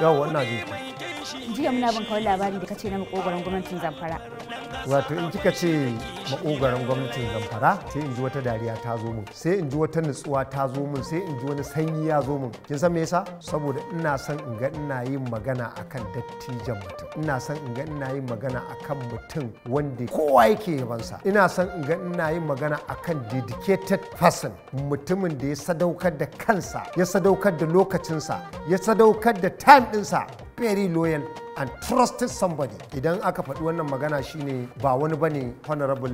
yawo wannan ji jiya muna bin kawai labari da kace na makogaron gwamnatin zamfara wato in kika ce makogaron gwamnatin zamfara sai in ji wata dariya ta zo mun sai in ji wata nutsuwa ta zo mun sai in ji wani sanyi ya zo mun kin san me yasa saboda ina son in ga ina yin magana akan dattijan mutum ina son in ga ina yin magana akan mutum wanda kowa yake sa ina son in ga ina yin magana akan dedicated person mutumin da ya sadaukar da kansa ya sadaukar da lokacin ɗinsa ya sadaukar da time ɗinsa very loyal and trusted somebody idan aka faɗi wannan magana shine ba wani bane honorable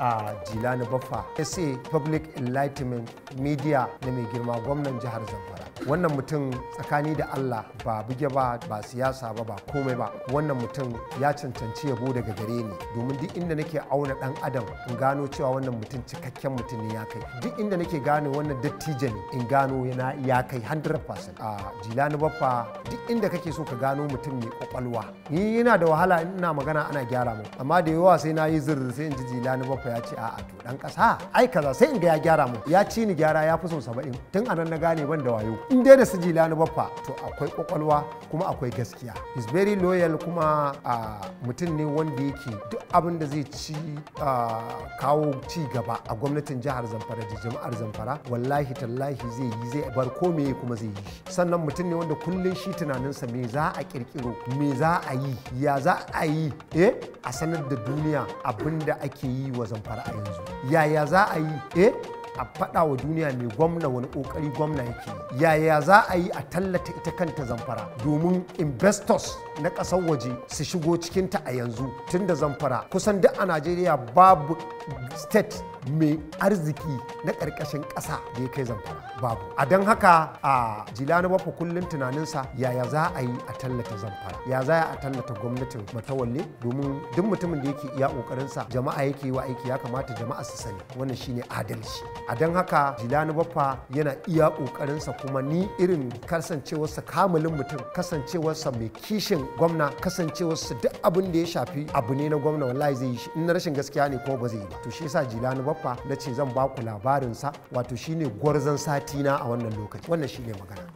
a jilani baffa sa public enlightenment media na mai girma gwamnan jihar zamfara wannan mutum tsakani da Allah ba buge ba ba siyasa ba ba komai ba wannan mutum ya cancanci yabo daga gare ni domin duk inda nake auna dan adam in gano cewa wannan mutum cikakken mutum ne ya kai duk inda nake gane wannan dattijo ne in gano yana ya kai 100% a ah, jilani baffa duk inda kake so ka gano mutum ne kwakwalwa ni yana da wahala ina magana ana gyara mu amma da yawa sai na yi zirri sai in ji jilani baffa ya ce a'a to dan kasa ai kaza sai in ga ya gyara mu ya ci ni gyara ya fi son 70 tun anan na gane ban da wayo in dai da su lani baffa to akwai kwakwalwa kuma akwai gaskiya is very loyal kuma a mutum ne wanda yake duk abin da zai ci kawo ci gaba a gwamnatin jihar zamfara da jama'ar zamfara wallahi tallahi zai yi zai bar ko me kuma zai yi sannan mutum ne wanda kullum shi tunaninsa me za a kirkiro me za a yi ya za a yi eh a sanar da duniya abin da ake yi wa zamfara a yanzu yaya za a yi eh a faɗa wa duniya mai gwamna wani ƙoƙari gwamna yake yaya za a yi a tallata ita kanta zamfara domin investors na ƙasar waje su shigo cikinta a yanzu tunda zamfara kusan duk a najeriya babu state mai arziki na ƙarƙashin ƙasa da ya kai zamfara babu a don haka a jila na bafa kullum tunaninsa yaya za a yi a tallata zamfara ya za a tallata gwamnatin matawalle domin duk mutumin da yake iya ƙoƙarinsa jama'a yake yi wa aiki ya kamata jama'a su sani wannan shine adalci a don haka jila na bafa yana iya ƙoƙarinsa kuma ni irin kasancewarsa kamalin mutum kasancewarsa mai kishin gwamna kasancewarsa duk abin da ya shafi abu ne na gwamna wallahi zai yi shi in na rashin gaskiya ne ko ba zai yi ba to shi yasa jila na kafa na ce zan ba baku labarinsa wato shine gwarzon sati na a wannan lokaci wannan shine magana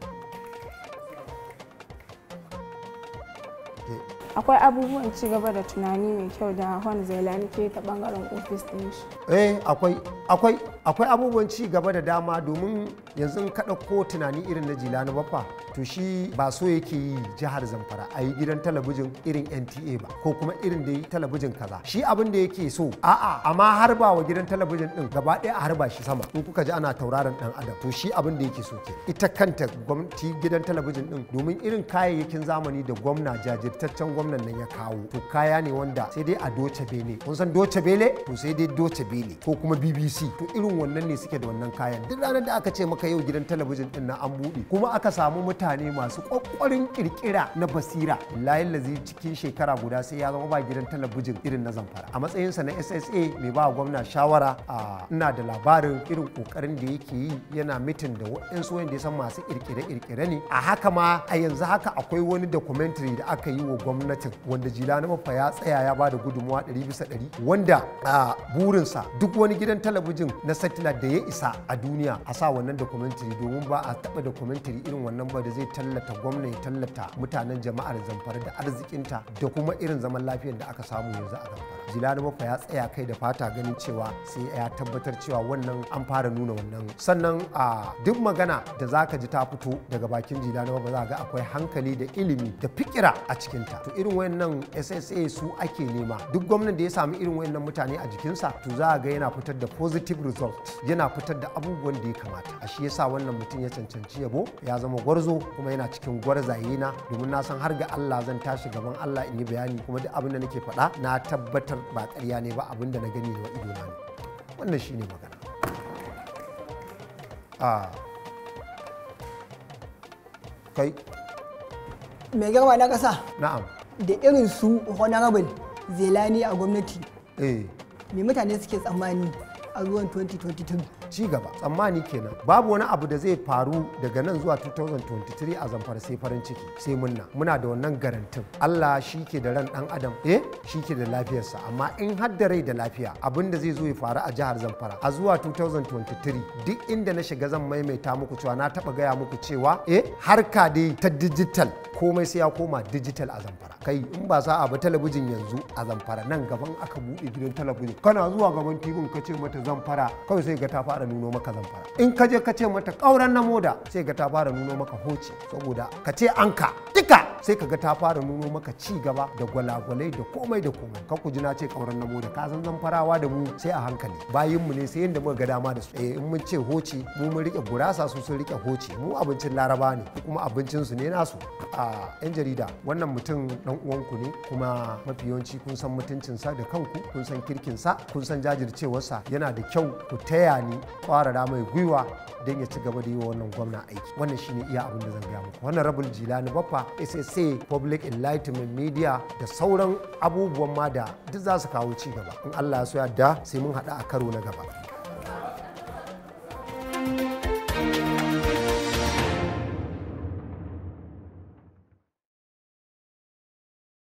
akwai abubuwan ci gaba da tunani mai kyau da Hon Zailani ke ta bangaren ofis din shi. Eh akwai akwai akwai abubuwan ci gaba da dama domin yanzu kada ko tunani irin na Jilani Baffa to shi ba so yake yi jihar Zamfara a yi gidan talabijin irin NTA ba ko kuma irin da yi talabijin kaza. Shi abin da yake so a'a amma harba wa gidan talabijin din gaba ɗaya a harba shi sama in kuka ji ana tauraron dan adam to shi abin da yake so ke ita kanta gwamnati gidan talabijin din domin irin kayayyakin zamani da gwamna jajirtaccen gwamnan nan ya kawo to kaya ne wanda sai dai a doce bele kun san doce bele to sai dai doce bele ko kuma bbc to irin wannan ne suke da wannan kayan duk ranar da aka ce maka yau gidan talabijin din na an buɗe kuma aka samu mutane masu kwakwarin kirkira na basira wallahi lazi cikin shekara guda sai ya zama ba gidan talabijin irin na zamfara a matsayinsa na ssa mai ba gwamna shawara a ina da labarin irin kokarin da yake yi yana mitin da waɗansu wanda ya san masu kirkire-kirkire ne a haka ma a yanzu haka akwai wani documentary da aka yi wa gwamna gwamnatin wanda na mafa ya tsaya ya bada gudunmuwa 100 bisa 100 wanda a burinsa duk wani gidan talabijin na satellite da ya isa a duniya a sa wannan documentary domin ba a taba documentary irin wannan ba da zai tallata gwamna ya tallata mutanen jama'ar zamfara da arzikinta da kuma irin zaman lafiyar da aka samu yanzu a zamfara na mafa ya tsaya kai da fata ganin cewa sai ya tabbatar cewa wannan an fara nuna wannan sannan a duk magana da zaka ji ta fito daga bakin jila na ba za ga akwai hankali da ilimi da fikira a cikinta to irin wayannan SSA su ake nema duk gwamnan da ya samu irin wayannan mutane a jikinsa to za a ga yana fitar da positive result yana fitar da abubuwan da ya kamata a shi yasa wannan mutum ya cancanci yabo ya zama gwarzo kuma yana cikin gwarzaye na domin na san har ga Allah zan tashi gaban Allah in yi bayani kuma duk abin da nake faɗa na tabbatar ba ƙarya ne ba abin da na gani da ido na ne wannan shine magana a ah. kai mai girma na ƙasa na'am da irin su honorable zelani a gwamnati eh. me mutane suke tsammani a zuwan 2022 ci gaba tsammani kenan babu wani abu da zai faru daga nan zuwa 2023 a zamfara sai farin ciki sai munna muna da wannan garantin Allah shi ke da ran dan adam eh shi ke da lafiyarsa amma in har da rai da lafiya abin da zai zo ya faru a jihar Zamfara a zuwa 2023 duk inda na shiga zan maimaita muku cewa na taba gaya muku cewa eh harka dai ta digital komai sai ya koma digital a Zamfara kai in ba sa'a ba talabijin yanzu a Zamfara nan gaban aka buɗe gidan talabijin kana zuwa gaban tibin ka ce mata Zamfara kawai sai ga ta fara fara nuno maka zamfara in ka je ka ce mata ƙauren na moda sai ga ta fara nuno maka hoci saboda ka ce an ka dika sai ka ga ta fara nuno maka ci gaba da gwalagwalai da komai da komai ka kuji na ce ƙauren na moda ka san zamfarawa da mu sai a hankali bayin mu ne sai yanda muka ga dama da su eh in mun ce hoci mu mun rike gurasa su sun rike hoci mu abincin laraba ne kuma abincin su ne nasu a yan jarida wannan mutum dan uwanku ne kuma mafi yawanci kun san mutuncinsa da kanku kun san sa kun san jajircewarsa yana da kyau ku taya ni ƙwarara mai gwiwa don ya ci gaba da yi wa wannan gwamna aiki wannan shine iya abin da zan gaya muku wannan jila jilani baffa ssa public enlightenment media da sauran abubuwan ma da duk za su kawo ci gaba in allah ya so yadda sai mun haɗa a karo na gaba